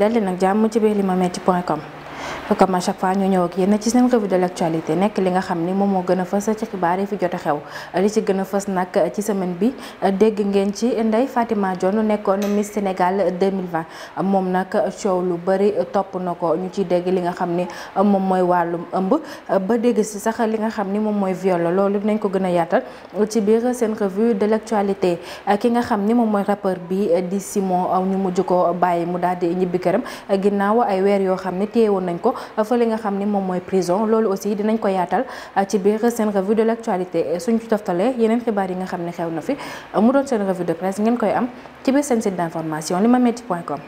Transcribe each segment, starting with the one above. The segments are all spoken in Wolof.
dal di nag jàmm ci ma metti point com comme à chaque fois ñu ñëw ak yéen ci seen revue de l' actualité nekk li nga xam ni moom moo gën a fës ci xibaar yi fi jot a xew li ci gën a fës nag ci semaine bi dégg ngeen ci Ndeye Fatima Dione nekkoon Miss Sénégal 2020 moom nag coow lu bëri topp na ko ñu ci dégg li nga xam ni moom mooy wàllum ëmb ba dégg si sax li nga xam ni moom mooy viol loolu dinañ ko gën a yaatal ci biir seen revue de l' actualité ki nga xam ni moom mooy rappeur bi di Simon ñu mujj ko bàyyi mu daal di ñibbi këram ginnaaw ay fële nga xamni mom moy prison loolu aussi dinañ ko yaatal euh, ci biir seen revue de l'actualité euh, suñ ci toftalee yeneen xibaar yi nga xamni ne xew na fi euh, mu doon seen revue de presse ngeen koy am ci biir seen site d'information limametti point com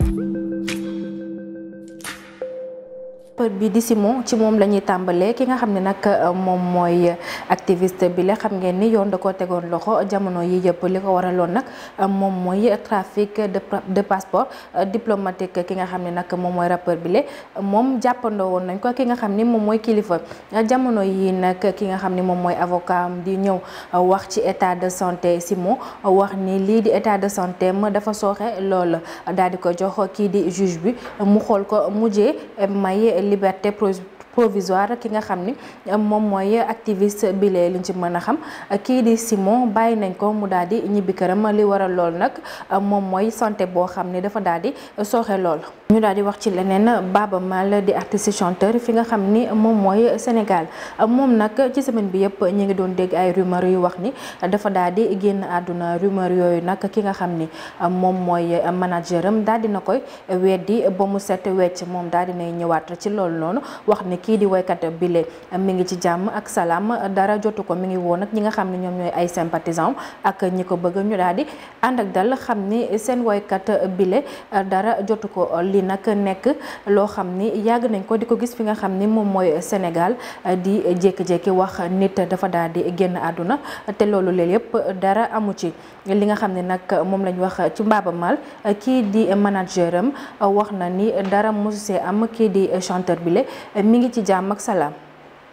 peur bi di Simon ci moom la ñuy tàmbalee ki nga xam ne nag euh, moom mooy euh, activiste bi la xam ngeen ni yoon da koo tegoon loxo jamono yi yëpp li ko waraloon nag euh, moom mooy trafic de de passeport diplomatique ki nga xam ne nag moom mooy rappeur bi moom jàppandoo woon nañ ko ki nga xam ni moom mooy kilifa jamono yi nag ki nga xam ni moom mooy avocat di ñëw wax ci état de santé Simon wax ni lii di état de santé ma dafa sooxe loolu daal di ko jox kii di juge bi mu xool ko mujjee may liberté provisoire ki nga xam ni euh, moom mooy activiste bi lee liñ ci mën a xam kii di Simon bàyyi nañ ko mu daal di ñibbi këram li waral lool nag euh, moom mooy santé boo xam ni dafa daal di sooxe lool. ñu daal di wax ci leneen Baba Maal di artiste chanteur fi nga xam ni moom mooy Sénégal moom nag ci semaine bi yëpp ñu ngi doon dégg ay rumeur yu wax ni dafa daal di génn àdduna rumeur yooyu nag ki nga xam ni moom mooy manager am daal di na koy weddi ba mu set wecc moom daal di nay ñëwaat ci loolu noonu wax ni kii di woykat bile mi ngi ci jàmm ak salaam dara jotu ko mi ngi woon ak ñi nga xam ne ñoom ñooy ay sympathisants ak ñi ko bëgg ñu daal di ànd ak dal xam ni seen woykat bile nak nek lo xamni yag nañ ko diko gis fi nga xamni mom moy senegal eh, di jek jek wax nit dafa daldi genn aduna eh, te lolou leel yep eh, dara amu ci li nga xamni nak mom lañ wax ci mbaba mal ki di manageram wax na ni dara musse am ki di chanteur bi le mi ngi ci jam ak salam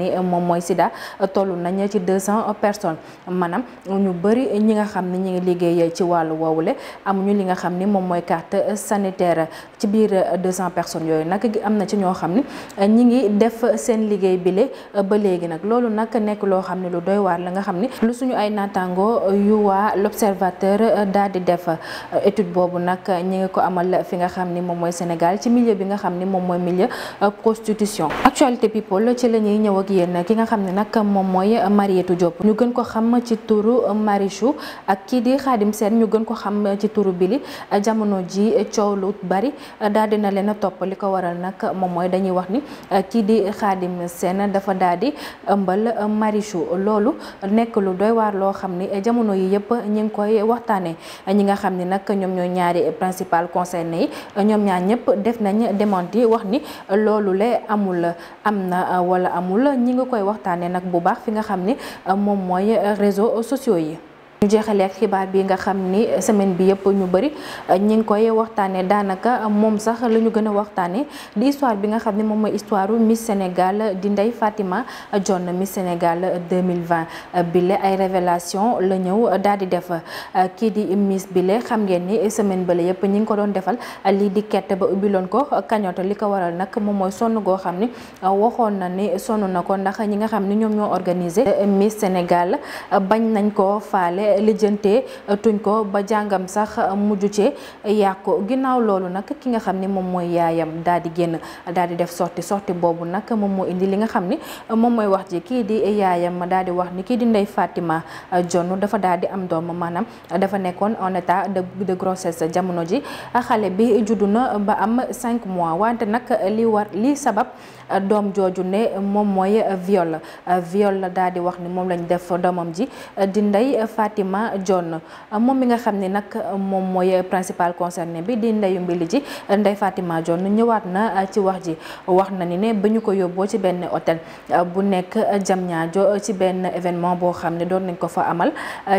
ni moom mooy sida toll nañ ci deux cent personnes maanaam ñu bëri ñi nga xam ne ñi ngi liggéey ci wàllu woowule amuñu li nga xam ni moom mooy carte sanitaire ci biir deux cent personnes yooyu nag am na ci ñoo xam ni ñi ngi def seen liggéey bile ba léegi nag loolu nag nekk loo xam ne lu doy waar la nga xam ni lu suñu ay naataango yu waa l'observateur daal di def étude boobu nag ñi ngi ko amal fi nga xam ni moom mooy Sénégal ci milieu bi nga xam ni moom mooy milieu prostitution jigéen la ki nga xam ne nag moom mooy eh, Marie Toudiop ñu gën ko xam ci turu eh, Marichou ak kii di Khadim Sène ñu gën ko xam ci turu Billy eh, jamono ji coow bari daal dina leen a topp li ko waral nag moom mooy dañuy wax ni kii di Khadim Sène dafa daal di ëmbal Marichou loolu nekk lu doy waar loo xam ni jamono yi yëpp ñu ngi koy waxtaanee ñi nga xam ni nag ñoom ñooy ñaari principal concerné yi ñoom ñaar ñëpp def nañ demandi wax ni loolu le amul amna na wala amul ñi ngi koy waxtaanee nag bu baax fi nga xam ni moom réseau réseaux sociaux yi. ñu jeexalee ak xibaar bi nga xam ni semaine bi yëpp ñu bëri euh, ñi ngi koy waxtaanee daanaka euh, moom sax la ñu gën a waxtaanee di histoire bi nga xam ne moom mooy histoire Miss Sénégal di Ndeye Fatima na Miss Sénégal 2020 euh, bile ay révélation la ñëw daal di def kii di Miss bile xam ngeen ni semaine bële yëpp ñi ngi ko doon defal lii di kett ba ubbiloon ko kañoto li ko waral nag moom mooy sonn goo xam ni waxoon na ni sonn na ko ndax ñi nga xam ni ñoom ñoo organisé Miss Sénégal waaye lijjantee euh, tuñ ko ba jàngam sax euh, mujj ci yàqu ginnaaw loolu nag ki nga xam ni moom mooy yaayam daal di génn daal di def sorti sorti boobu nag moom moo indi li nga xam ni euh, moom mooy wax ji kii di yaayam daal di wax ni kii di Ndeye Fatima Jonn dafa daal di am doom maanaam dafa nekkoon en état de sa jamono ji xale bi juddu na ba am cinq mois wante nag li war li sabab doom jooju ne moom mooy viol la daal di wax ni moom lañ def doomam ji Fatima John moom mi nga xam ni nag moom mooy principal concerné bi di ndeyu mbili ji ndey Fatima John ñëwaat na ci wax ji wax na ni ne ba ñu ko yóbboo ci benn hôtel bu nekk jam Diamniadio ci benn événement boo xam ne doon nañ ko fa amal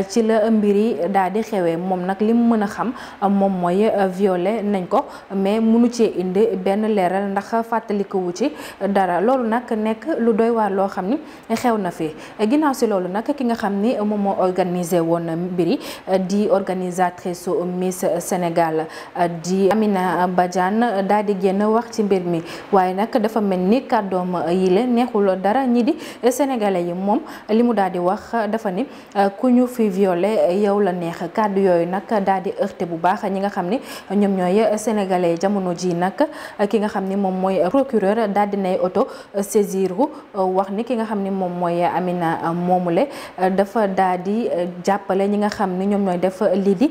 ci la mbir yi daal di xewee moom nag li mu mën a xam moom mooy violé nañ ko mais munu ci indi benn leeral ndax fàttalikuwu ci dara loolu nag nekk lu doy waar loo xam ni xew na fi ginnaaw si loolu nag ki nga xam ni moom moo woon mbiri eh, di organisatrice Miss Sénégal eh, di Amina Badiane eh, dal di génn wax ci mbir mi waaye nag dafa mel ni kàddoom yile la neexul dara ñi di sénégalais yi moom li mu daal di wax dafa ni ku ñu fi violé yow la neex kàddu yooyu nag daal di heurté bu baax ñi nga xam ni ñoom ñooy sénégalais jamono ji nag ki nga xam ni moom mooy procureur daal di nay auto saisir wax ni ki nga xam ni moom mooy Amina moomule dafa daal di jàpp jàppale ñi nga xam ni ñoom ñooy def lii di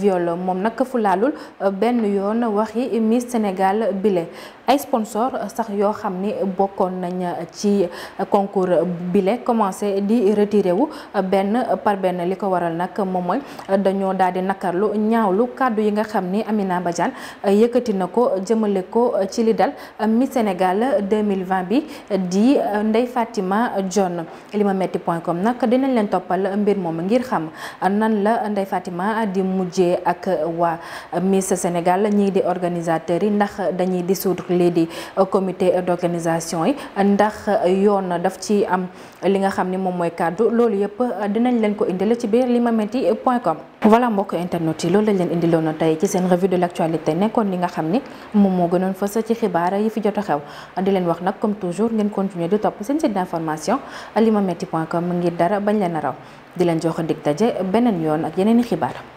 violo moom nag fu laalul benn yoon waxi Miss Sénégal bile ay sponsor sax yoo xam ni bokkoon nañ ci concours bile commencé di retiré wu benn par benn li ko waral nag moom mooy dañoo daal di nakarlu ñaawlu kàddu yi nga xam ni Amina Badiane yëkkati na ko jëmale ko ci li dal Miss Sénégal 2020 bi di ndey Ndeye Fatima point limametti.com nag dinañ leen toppal mbir moom ngir xam nan la Ndeye Fatima di mujjee ak waa Miss Sénégal ñii di organisateurs yi ndax dañuy dissoudre lii euh, comité d'organisation ndax euh, yoon daf ci am li nga xamni mom moy mooy kàddu loolu euh, dinañ len ko indil ci biir limametti voilà mbok internet yi loolu lañ indi lono tay ci sen revue de l'actualité nekkoon li nga xamni mom mo gënon gënoon fës ci xibaara yi fi jot xew di len wax nak comme toujours ngeen continuer di top sen site d'information limametti point com ngir dara bañ len a raw di len jox dig daje benen yoon ak yeneen xibaara